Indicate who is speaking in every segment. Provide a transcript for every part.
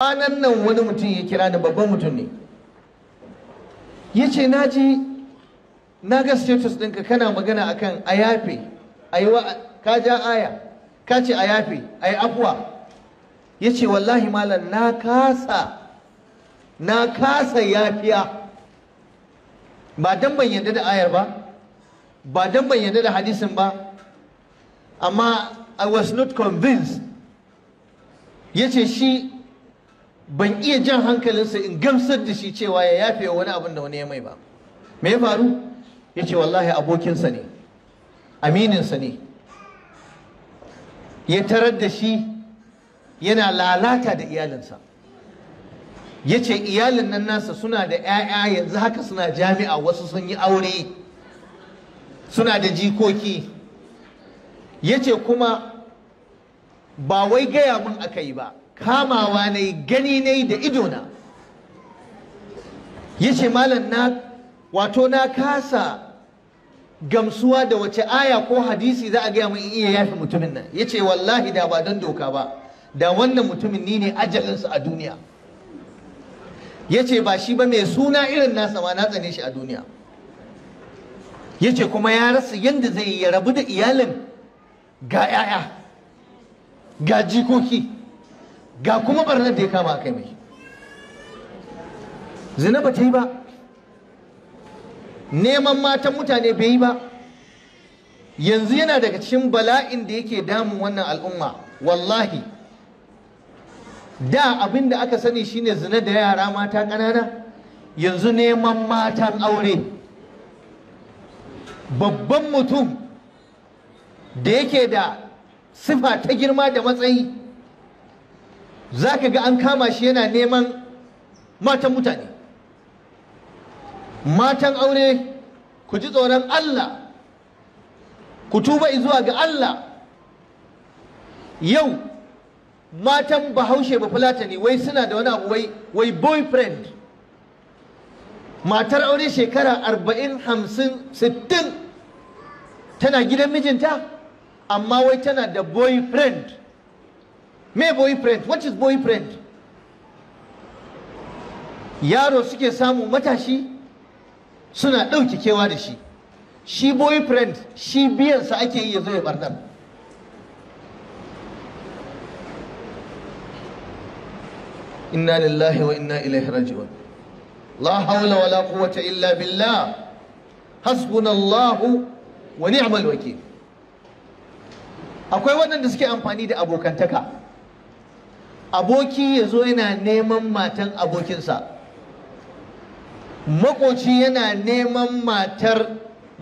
Speaker 1: kwanan nan wani mutum ya kira da babban mutum ne ya ce na ji na ga status ɗinka kana magana akan a yafe ka ja aya ka ce a yafe a yi afuwa ya ce wallahi malam na kasa na kasa yafiya ba don ban yadda da ayar ba ba don ban yadda da hadisin ba amma i was not convinced ya ce shi ban iya jan hankalinsa in gamsar da shi cewa ya yafe wani abin da wani ya mai ba me ya faru ya ce wallahi abokinsa ne amininsa ne ya tarar da shi yana lalata da iyalinsa ya ce iyalin nan nasa suna da 'ya'ya yanzu haka suna jami'a wasu sun yi aure suna da jikoki ya ce kuma ba wai gaya mun aka yi ba kamawa na gani na da idona ya ce malam na wato na kasa gamsuwa da wace aya ko hadisi za a gaya mun iya yafi mutumin nan ya ce wallahi da ba don doka ba da wannan mutumin ni ne ajalinsa a duniya ya ce ba shi ba mai suna irin nasa ma na tsane shi a duniya ya ce kuma ya rasa yadda zai ya rabu da iyalin ga 'ya'ya ga jikoki ga kuma barnar da ya kama kai mai zina ba ta yi ba neman matan mutane bai yi ba yanzu yana daga cikin bala'in da yake damun wannan al'umma wallahi da abin da aka sani shine zina da yara mata ƙanana yanzu neman matan aure babban mutum da yake da sifa ta girma da matsayi za ka ga an kama shi yana neman matan mutane matan aure ku ji tsoron Allah ku tuba zuwa ga Allah yau matan bahaushe ba fulatani wai suna da wani abu wai boyfriend matar aure shekara arba'in hamsin sittin tana gidan mijinta amma wai tana da boyfriend me boyfriend what is boyfriend yaro suke samu matashi suna ɗauke kewa da shi shi boyfriend shi biyansa ake yi ya zo ya barnan inna lillahi wa inna ilaihi raji'un la hawla wa la quwwata illa billah hasbunallahu wa ni'mal wakil akwai waɗanda suke amfani da abokantaka aboki ya zo yana neman matan abokinsa makoci yana neman matar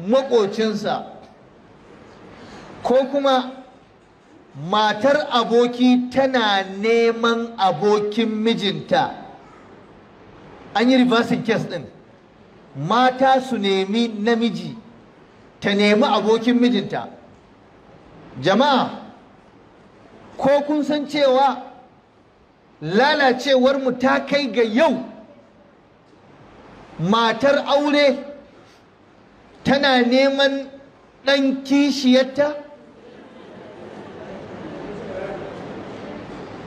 Speaker 1: makocinsa ko kuma matar aboki tana neman abokin mijinta an yi reversing case din mata su nemi namiji ta nemi abokin mijinta jama'a ko kun san cewa lalacewar mu ta kai ga yau matar aure tana neman ɗan kishiyarta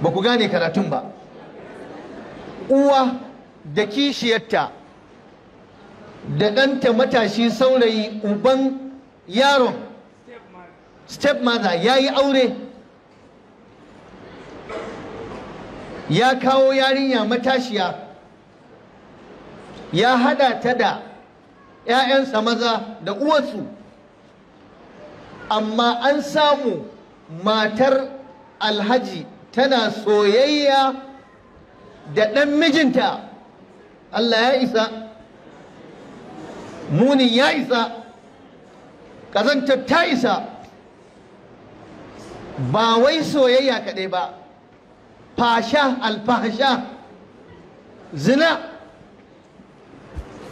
Speaker 1: ba ku gane karatun ba uwa da kishiyarta da ɗanta matashi saurayi uban yaron stepmother ya yi aure ya kawo yarinya matashiya ya hada ta da 'ya'yansa maza da uwarsu amma an samu matar alhaji tana soyayya da ɗan mijinta Allah ya isa muni ya isa ƙazantar ta isa ba wai soyayya kaɗai ba fasha alfasha zina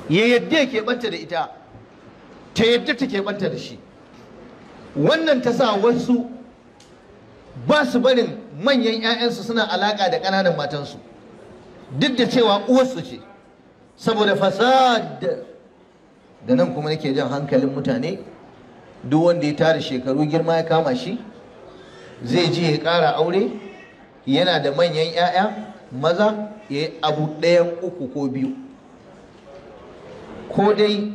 Speaker 1: ya yadda ya banta da ita ta yadda ta banta da shi wannan ta sa wasu ba su barin manyan 'ya'yansu suna alaƙa da ƙananan matansu duk da cewa uwarsu ce saboda fasad da nan kuma nake jan hankalin mutane duk wanda ya tara shekaru girma ya kama shi zai je ya ƙara aure yana da manyan 'ya'ya maza ya yi abu ɗayan uku ko biyu ko dai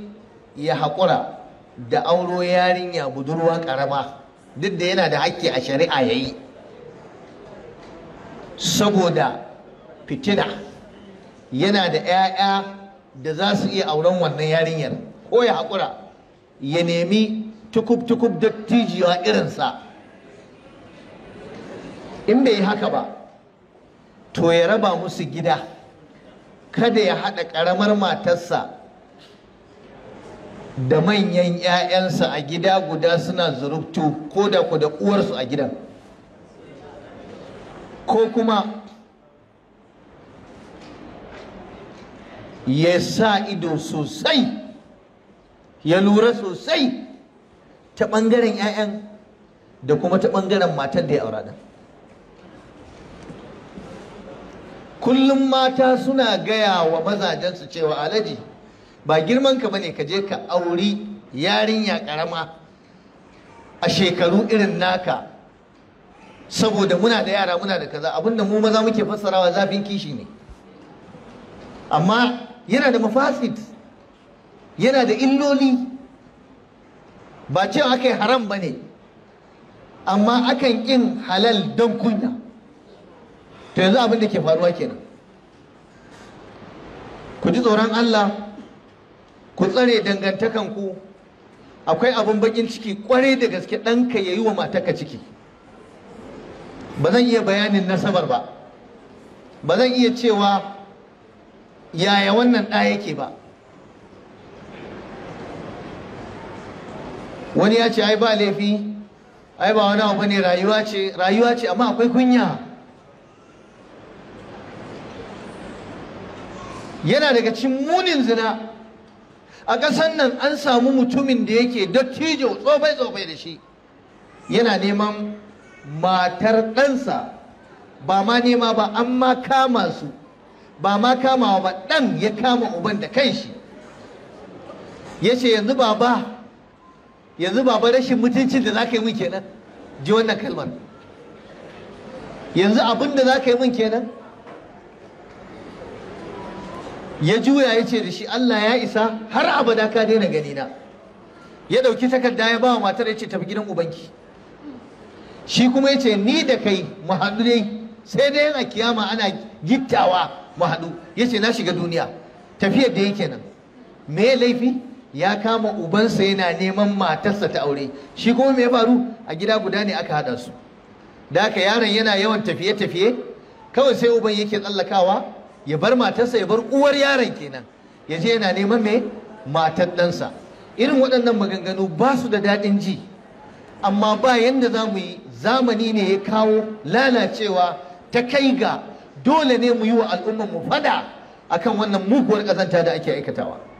Speaker 1: ya haƙura da auro yarinya budurwa ƙarama duk da yana da hakki a shari'a ya yi saboda fitina yana da 'ya'ya da za su iya auren wannan yarinyar ko ya haƙura ya nemi tukub-tukub dattijiya irinsa in bai yi haka ba to ya raba musu gida kada ya haɗa ƙaramar matarsa da manyan 'ya'yansa a gida guda suna zurubtu ko da ku da uwarsu a gidan ko kuma ya sa ido sosai ya lura sosai ta ɓangaren 'ya'yan da kuma ta ɓangaren matar da ya aura kullum mata suna gaya wa mazajensu cewa alaji ba girman ka bane ka je ka auri yarinya karama a shekaru irin naka saboda muna da yara muna da kaza abinda mu maza muke fassarawa zafin kishi ne amma yana da mafasid yana da illoli ba cewa aka yi haram ba ne amma akan ƙin halal don kunya to yanzu abin da ke faruwa kenan ku ji tsoron Allah ku tsare dangantakanku akwai abin bakin ciki kwarai da gaske ɗanka ya yi wa ka ciki ba zan iya bayanin nasabar ba ba zan iya cewa yaya wannan ɗa yake ba wani ya ce ai ba laifi ai ba wani abu ne rayuwa ce rayuwa ce amma akwai kunya yana daga cin munin zina a ƙasar nan an samu mutumin da yake dattijo tsofai-tsofai da shi yana neman matar ɗansa ba ma nema ba an ma kama su ba ma kamawa ba ɗan ya kama uban da shi. ya ce yanzu baba yanzu baba rashin mutuncin da za ka yi min kenan ji wannan kalmar yanzu abin da za ka yi min kenan ya juya ya ce da shi Allah ya isa har abada ka daina gani na ya ɗauki takarda ya ba wa matar ya ce tafi gidan ubanki shi kuma ya ce ni da kai mu haɗu sai dai yana kiyama ana gittawa mu haɗu ya ce na shiga duniya tafiyar da yake nan me laifi ya kama ubansa yana neman matarsa ta aure shi kuma me faru a gida guda ne aka haɗa su da haka yaron yana yawan tafiye-tafiye kawai sai uban yake tsallakawa ya bar matarsa ya bar uwar yaron kenan ya je yana neman me matar ɗansa irin waɗannan maganganu ba su da daɗin ji amma ba yadda za mu yi zamani ne ya kawo lalacewa ta kai ga dole ne mu yi wa al'ummar mu fada akan wannan muguwar ƙazanta da ake aikatawa